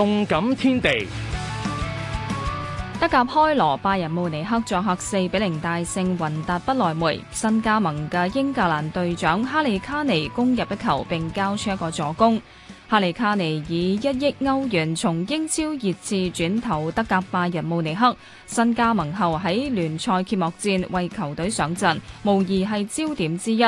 動感天地，德甲開鑼，拜仁慕尼黑作客四比零大勝雲達不來梅，新加盟嘅英格蘭隊長哈利卡尼攻入一球，並交出一個助攻。哈利卡尼以一億歐元從英超熱刺轉投德甲拜仁慕尼黑。新加盟後喺聯賽揭幕戰為球隊上陣，無疑係焦點之一。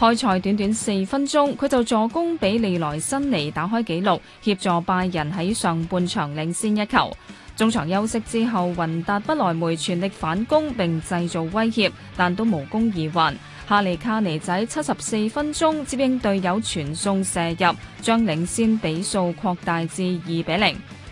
開賽短短四分鐘，佢就助攻俾利萊辛尼打開紀錄，協助拜仁喺上半場領先一球。中場休息之後，雲達不來梅全力反攻並製造威脅，但都無功而還。哈利卡尼仔七十四分鐘接應隊友傳送射入，將領先比數擴大至二比零。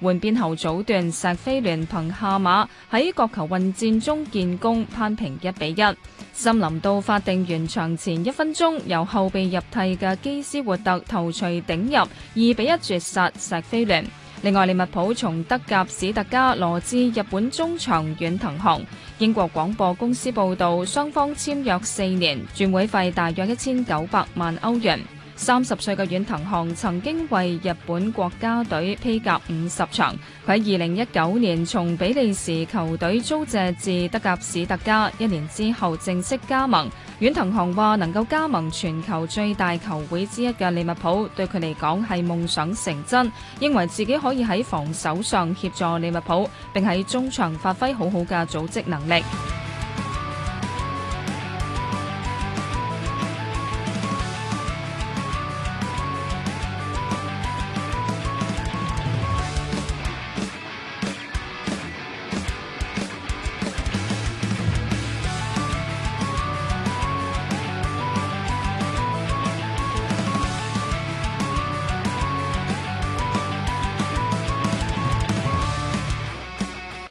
換邊後早段，石飛聯憑夏馬喺國球混戰中建功，攀平一比一。森林到法定完場前一分鐘，由後備入替嘅基斯活特頭槌頂入，二比一絕殺石飛聯。另外，利物浦從德甲史特加羅致日本中場遠藤航。英國廣播公司報導，雙方簽約四年，轉會費大約一千九百萬歐元。三十歲嘅遠藤航曾經為日本國家隊披甲五十場。佢喺二零一九年從比利時球隊租借至德甲史特加，一年之後正式加盟。遠藤航話能夠加盟全球最大球會之一嘅利物浦，對佢嚟講係夢想成真。認為自己可以喺防守上協助利物浦，並喺中場發揮好好嘅組織能力。